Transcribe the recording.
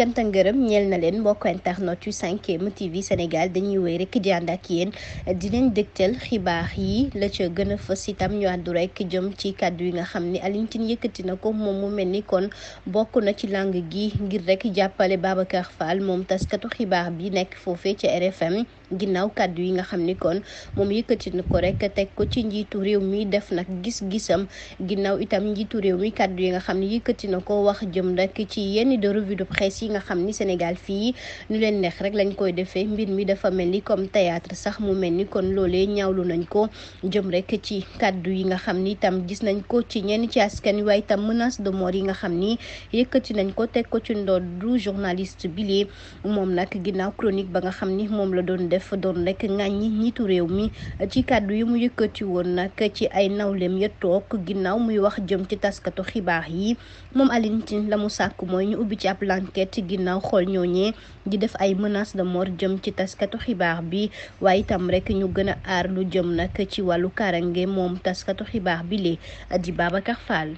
canta ngërëm ñeel na leen mbokk internet yu 5M TV Sénégal dañuy wéy rek di ànd ak yéen di leen dégtal xibaar yi la ca gën a fës itam ñu àddu rek jëm ci kàddu yi nga xam ni Alioune Tine yëkkati na ko moom mu mel ni kon bokk na ci lang gi ngir rek jàppale Babacar Fall moom taskatu xibaar bi nekk foofee ca RFM ginnaaw kàddu yi nga xam ni kon moom yëkkati na ko rek teg ko ci njiitu réew mi def nag gis-gisam ginnaaw itam njiitu réew mi kàddu yi nga xam ni yëkkati na ko wax jëm rek ci yenn de revue de presse yi yi nga xam ni Sénégal fii ñu leen neex rek lañ koy defee mbir mi dafa mel ni comme théâtre sax mu mel ni kon loolee ñaawlu nañ ko jëm rek ci kaddu yi nga xam ni itam gis nañ ko ci ñenn ci askan wi waaye itam menace de mort yi nga xam ni yëkkati nañ ko teg ko ci ndoddu journaliste bi moom nak ginnaaw chronique ba nga xam ni moom la doon def doon rek ŋàññi ñitu réew mi ci kaddu yi mu yëkkati woon nag ci ay nawleem ya toog ginnaaw muy wax jëm ci taskatu xibaar ginnaaw xool ñooñee di def ay menaces de mort jëm ci taskatu xibaar bi waaye itam rek ñu gën a aar lu jëm nag ci wàllu karange moom taskatu xibaar bi lii di Babacar Fall